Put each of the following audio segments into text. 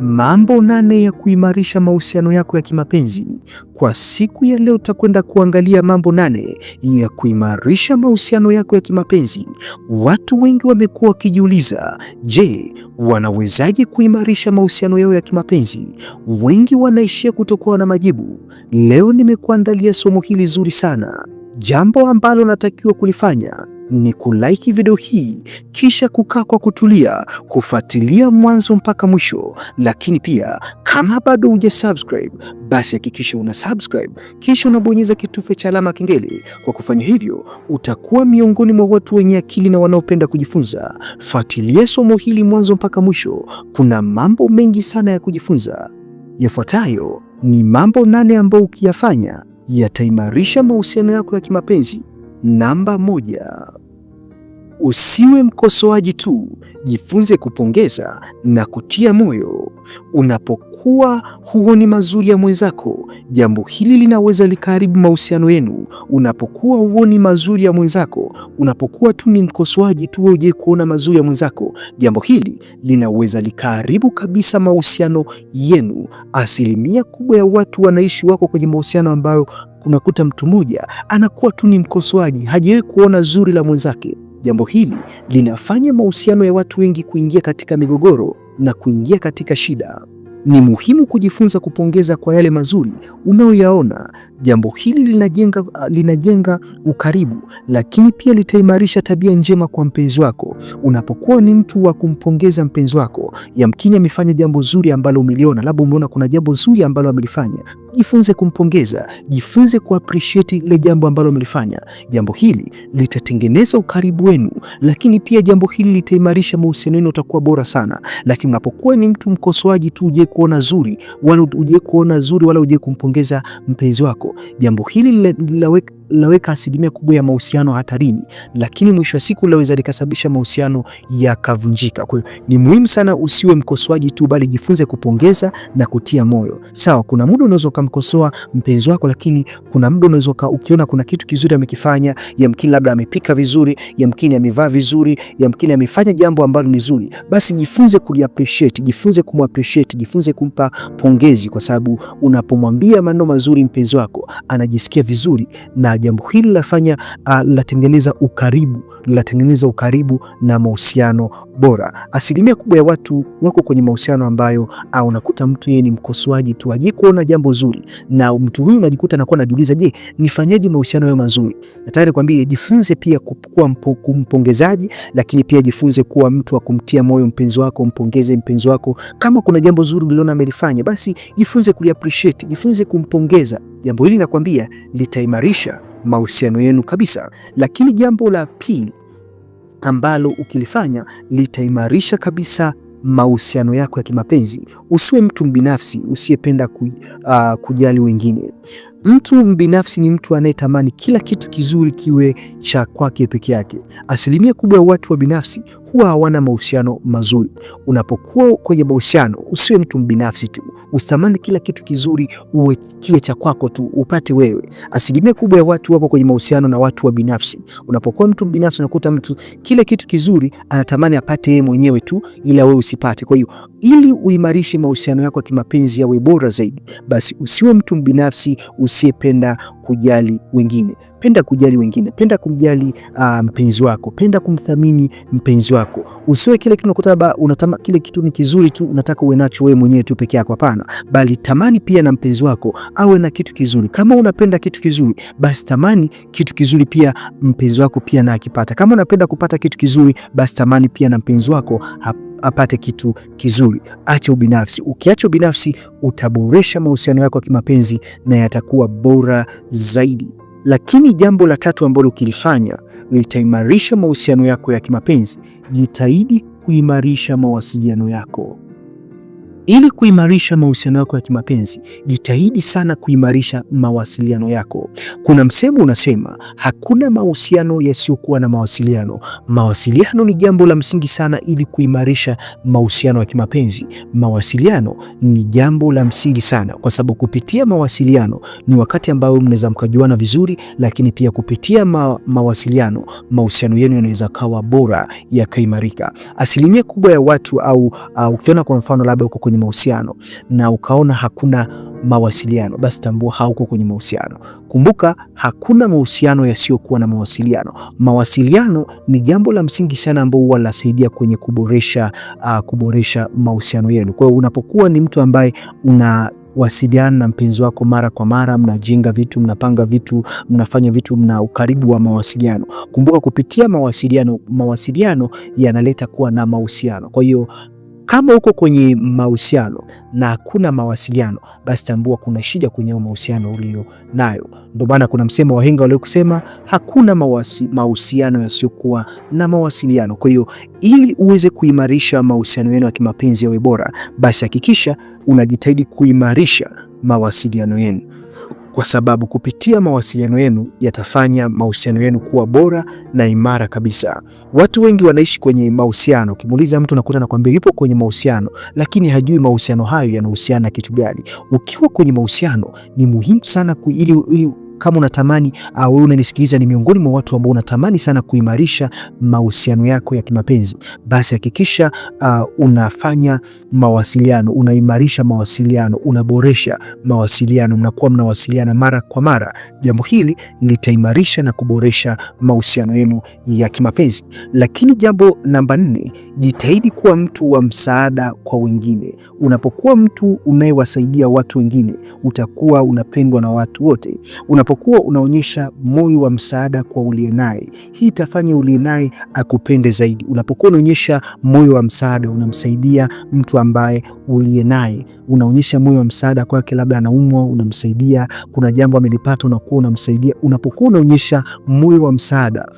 Mambo nane ya kuimarisha mahusiano yako ya kimapenzi. Kwa siku ya leo utakwenda kuangalia mambo nane ya kuimarisha mahusiano yako ya kimapenzi. Watu wengi wamekuwa wakijiuliza, je, wanawezaje kuimarisha mahusiano yao ya kimapenzi? Wengi wanaishia kutokuwa na majibu. Leo nimekuandalia somo hili zuri sana. Jambo ambalo natakiwa kulifanya ni kulaiki video hii kisha kukaa kwa kutulia kufuatilia mwanzo mpaka mwisho. Lakini pia kama bado huja subscribe, basi hakikisha una subscribe kisha unabonyeza kitufe cha alama kengele. Kwa kufanya hivyo, utakuwa miongoni mwa watu wenye akili na wanaopenda kujifunza. Fuatilia somo hili mwanzo mpaka mwisho, kuna mambo mengi sana ya kujifunza. Yafuatayo ni mambo nane ambayo ukiyafanya yataimarisha mahusiano yako ya kimapenzi. Namba moja, usiwe mkosoaji tu, jifunze kupongeza na kutia moyo. Unapokuwa huoni mazuri ya mwenzako, jambo hili linaweza likaharibu mahusiano yenu. Unapokuwa huoni mazuri ya mwenzako, unapokuwa tu ni mkosoaji tu, uje kuona mazuri ya mwenzako, jambo hili linaweza likaharibu kabisa mahusiano yenu. Asilimia kubwa ya watu wanaishi wako kwenye mahusiano ambayo unakuta mtu mmoja anakuwa tu ni mkosoaji, hajawahi kuona zuri la mwenzake. Jambo hili linafanya mahusiano ya watu wengi kuingia katika migogoro na kuingia katika shida. Ni muhimu kujifunza kupongeza kwa yale mazuri unayoyaona Jambo hili linajenga, linajenga ukaribu, lakini pia litaimarisha tabia njema kwa mpenzi wako. Unapokuwa ni mtu wa kumpongeza mpenzi wako, yamkini amefanya jambo zuri ambalo umeliona, labda umeona kuna jambo zuri ambalo amelifanya, jifunze kumpongeza, jifunze kuappreciate ile jambo ambalo amelifanya. Jambo hili litatengeneza ukaribu wenu, lakini pia jambo hili litaimarisha mahusiano yenu, utakuwa bora sana. Lakini unapokuwa ni mtu mkosoaji tu, uje kuona zuri wala uje kuona zuri wala uje kumpongeza mpenzi wako yako. Jambo hili linaweka asilimia kubwa ya mahusiano hatarini, lakini mwisho wa siku laweza likasababisha mahusiano yakavunjika. Kwa hiyo ni muhimu sana usiwe mkosoaji tu, bali jifunze kupongeza na kutia moyo. Sawa, kuna muda unaweza ukamkosoa mpenzi wako, lakini kuna muda unaweza ukiona kuna kitu kizuri amekifanya, yamkini labda amepika vizuri, yamkini amevaa vizuri, yamkini amefanya jambo ambalo ni zuri, basi jifunze kuliappreciate, jifunze kumwappreciate, jifunze kumpa pongezi, kwa sababu unapomwambia maneno mazuri mpenzi wako wako anajisikia vizuri, na jambo hili lafanya latengeneza ukaribu latengeneza ukaribu na mahusiano bora. Asilimia kubwa ya watu wako kwenye mahusiano ambayo unakuta mtu yeye ni mkosoaji tu, aje kuona jambo zuri, na mtu huyu unajikuta anakuwa anajiuliza, je, nifanyeje mahusiano yao mazuri? Nataka nikwambie, jifunze pia kuwa kumpongezaji, lakini pia jifunze kuwa mtu wa kumtia moyo mpenzi wako, mpongeze mpenzi wako. Kama kuna jambo zuri uliona amelifanya, basi jifunze kuliappreciate, jifunze kumpongeza. Jambo hili nakwambia litaimarisha mahusiano yenu kabisa. Lakini jambo la pili ambalo ukilifanya litaimarisha kabisa mahusiano yako ya kimapenzi, usiwe mtu mbinafsi usiyependa ku, uh, kujali wengine. Mtu mbinafsi ni mtu anayetamani kila kitu kizuri kiwe cha kwake peke yake. Asilimia kubwa ya watu wa binafsi huwa hawana mahusiano mazuri. Unapokuwa kwenye mahusiano, usiwe mtu mbinafsi tu, usitamani kila kitu kizuri uwe kiwe cha kwako tu upate wewe. Asilimia kubwa ya watu wapo kwenye mahusiano na watu wa binafsi. Unapokuwa mtu binafsi, unakuta mtu kila kitu kizuri anatamani apate yeye mwenyewe tu, ila wewe usipate. Kwa hiyo, ili uimarishe mahusiano yako ya kimapenzi yawe bora zaidi, basi usiwe mtu mbinafsi usiyependa kujali wengine. Penda kujali wengine, penda kumjali uh, mpenzi wako, penda kumthamini mpenzi wako. Usiwe kile kitu unakuta unatama kile kitu ni kizuri tu unataka uwe nacho wewe mwenyewe tu peke yako, hapana, bali tamani pia na mpenzi wako awe na kitu kizuri. Kama unapenda kitu kizuri, basi tamani kitu kizuri pia mpenzi wako pia na akipata. Kama unapenda kupata kitu kizuri, basi tamani pia na mpenzi wako apate kitu kizuri. Acha ubinafsi. Ukiacha ubinafsi, utaboresha mahusiano yako ya kimapenzi na yatakuwa bora zaidi. Lakini jambo la tatu ambalo ukilifanya litaimarisha mahusiano yako ya kimapenzi, jitahidi kuimarisha mawasiliano yako. Ili kuimarisha mahusiano yako ya kimapenzi, jitahidi sana kuimarisha mawasiliano yako. Kuna msemo unasema, hakuna mahusiano yasiyokuwa na mawasiliano. Mawasiliano ni jambo la msingi sana ili kuimarisha mahusiano ya kimapenzi. Mawasiliano ni jambo la msingi sana, kwa sababu kupitia mawasiliano ni wakati ambao mnaweza mkajuana vizuri, lakini pia kupitia ma mawasiliano mahusiano yenu yanaweza kawa bora yakaimarika. Asilimia kubwa ya watu au ukiona kwa mfano labda uko kwenye kwenye mahusiano na ukaona hakuna mawasiliano, basi tambua hauko kwenye mahusiano. Kumbuka, hakuna mahusiano yasiyokuwa na mawasiliano. Mawasiliano ni jambo la msingi sana, ambao huwa linasaidia kwenye kuboresha uh, kuboresha mahusiano yenu. Kwa hiyo unapokuwa ni mtu ambaye una wasiliana na mpenzi wako mara kwa mara, mnajenga vitu, mnapanga vitu, mnafanya vitu, mna ukaribu wa mawasiliano. Kumbuka kupitia mawasiliano, mawasiliano yanaleta kuwa na mahusiano. Kwa hiyo kama uko kwenye mahusiano na hakuna mawasiliano, basi tambua kuna shida kwenye mahusiano ulio nayo. Ndio maana kuna msemo wahenga waliokusema hakuna mahusiano yasiyokuwa na mawasiliano. Kwa hiyo ili uweze kuimarisha mahusiano yenu ya kimapenzi yawe bora, basi hakikisha unajitahidi kuimarisha mawasiliano yenu kwa sababu kupitia mawasiliano yenu yatafanya mahusiano yenu kuwa bora na imara kabisa. Watu wengi wanaishi kwenye mahusiano. Ukimuuliza mtu unakuta anakuambia yupo kwenye mahusiano, lakini hajui mahusiano hayo yanahusiana kitu gani. Ukiwa kwenye mahusiano ni muhimu sana ku ili, ili kama unatamani au ah, wewe unanisikiliza ni miongoni mwa watu ambao unatamani sana kuimarisha mahusiano yako ya kimapenzi, basi hakikisha uh, unafanya mawasiliano, unaimarisha mawasiliano, unaboresha mawasiliano, mnakuwa mnawasiliana mara kwa mara. Jambo hili litaimarisha na kuboresha mahusiano yenu ya kimapenzi. Lakini jambo namba nne, jitahidi kuwa mtu wa msaada kwa wengine. Unapokuwa mtu unayewasaidia watu wengine, utakuwa unapendwa na watu wote. Una Unapokuwa unaonyesha moyo wa msaada kwa uliye naye, hii itafanya uliye naye akupende zaidi. Unapokuwa unaonyesha moyo wa msaada, unamsaidia mtu ambaye uliye naye, unaonyesha moyo wa msaada kwake, labda anaumwa, unamsaidia. Kuna jambo amelipata, unakuwa unamsaidia. Unapokuwa unaonyesha moyo wa msaada,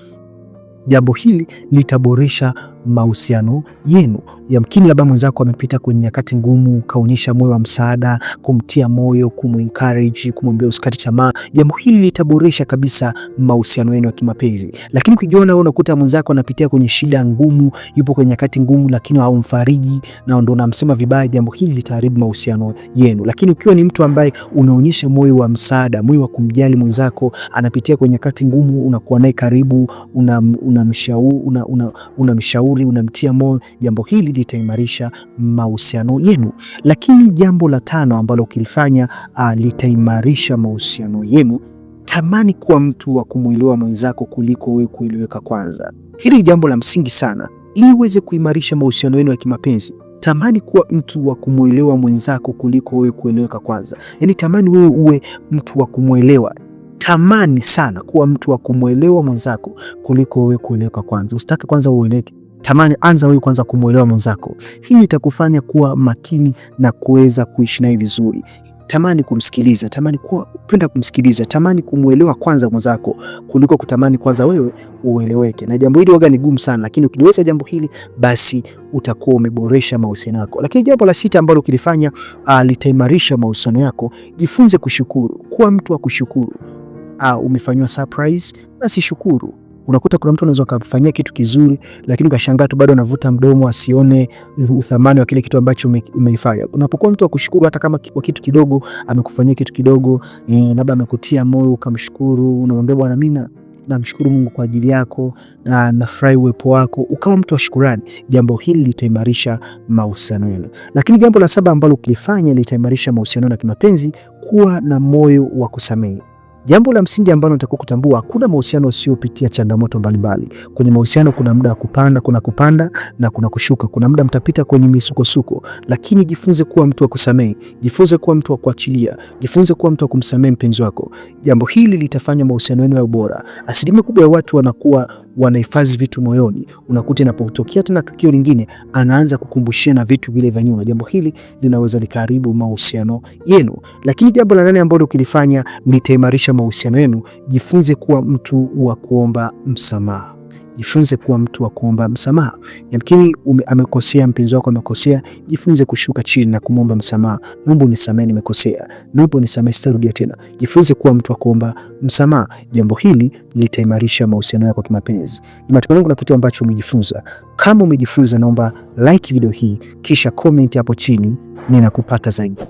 jambo hili litaboresha mahusiano yenu. Yamkini labda mwenzako amepita kwenye nyakati ngumu, ukaonyesha moyo wa msaada, kumtia moyo, kumencourage, kumwambia usikate tamaa. Jambo hili litaboresha kabisa mahusiano yenu ya kimapenzi. Lakini ukijiona wewe unakuta mwenzako anapitia kwenye shida ngumu, yupo kwenye nyakati ngumu, lakini haumfariji na ndio unamsema vibaya, jambo hili litaharibu mahusiano yenu. Lakini ukiwa ni mtu ambaye unaonyesha moyo wa msaada, moyo wa kumjali mwenzako, anapitia kwenye nyakati ngumu, unakuwa naye karibu, unamshauri una, una, una, una, una unamshauri, unamtia moyo, jambo hili litaimarisha mahusiano yenu. Lakini jambo la tano ambalo ukilifanya ah, litaimarisha mahusiano yenu, tamani kuwa mtu wa kumwelewa mwenzako kuliko wewe kueleweka kwanza. Hili ni jambo la msingi sana ili uweze kuimarisha mahusiano yenu ya kimapenzi. Tamani kuwa mtu wa kumwelewa mwenzako kuliko wewe kueleweka kwanza. Yaani tamani wewe uwe mtu wa kumwelewa tamani sana kuwa mtu wa kumwelewa mwenzako kuliko wewe kueleweka kwanza. Usitake kwanza ueleweke. Tamani anza wewe kwanza kumwelewa mwenzako. Hii itakufanya kuwa makini na kuweza kuishi naye vizuri. Tamani kumsikiliza, tamani kuwa upenda kumsikiliza, tamani kumwelewa kwanza mwenzako kuliko kutamani kwanza wewe ueleweke. Na jambo hili waga ni gumu sana, lakini ukiliweza jambo hili basi utakuwa umeboresha mahusiano yako. Lakini jambo la sita ambalo ukilifanya ah, litaimarisha mahusiano yako, jifunze kushukuru. Kuwa mtu wa kushukuru. Ah, umefanywa surprise, basi shukuru. Unakuta kuna mtu anaweza kufanyia kitu kizuri, lakini ukashangaa tu bado anavuta mdomo, asione uthamani wa kile kitu ambacho umeifanya. Unapokuwa mtu akushukuru, hata kama kwa kitu kidogo, amekufanyia kitu kidogo, eh, labda amekutia moyo, ukamshukuru, unamwambia bwana, mimi namshukuru Mungu kwa ajili yako na nafurahi uwepo wako, ukawa mtu wa shukurani. Jambo hili litaimarisha mahusiano yenu. Lakini jambo la saba ambalo ukilifanya litaimarisha mahusiano na kimapenzi, kuwa na moyo wa kusamehe. Jambo la msingi ambalo nataka kutambua, hakuna mahusiano usiopitia changamoto mbalimbali. Kwenye mahusiano kuna muda wa kupanda, kuna kupanda na kuna kushuka. Kuna muda mtapita kwenye misukosuko, lakini jifunze kuwa mtu wa kusamehe, jifunze kuwa mtu wa kuachilia, jifunze kuwa mtu wa kumsamehe mpenzi wako. Jambo hili litafanya mahusiano yenu ya ubora Asilimia kubwa ya watu wanakuwa wanahifadhi vitu moyoni, unakuta inapotokea tena tukio lingine anaanza kukumbushia na vitu vile vya nyuma. Jambo hili linaweza likaharibu mahusiano yenu. Lakini jambo la nane ambalo ukilifanya litaimarisha mahusiano yenu, jifunze kuwa mtu wa kuomba msamaha jifunze kuwa mtu wa kuomba msamaha. Yamkini amekosea, mpenzi wako amekosea, jifunze kushuka chini na kumwomba msamaha. Naomba unisamehe, nimekosea, naomba unisamehe, sitarudia tena. Jifunze kuwa mtu wa kuomba msamaha. Jambo hili litaimarisha mahusiano yako kimapenzi. Ni matumaini kuna kitu ambacho umejifunza. Kama umejifunza, naomba like video hii, kisha comment hapo chini, ninakupata zaidi.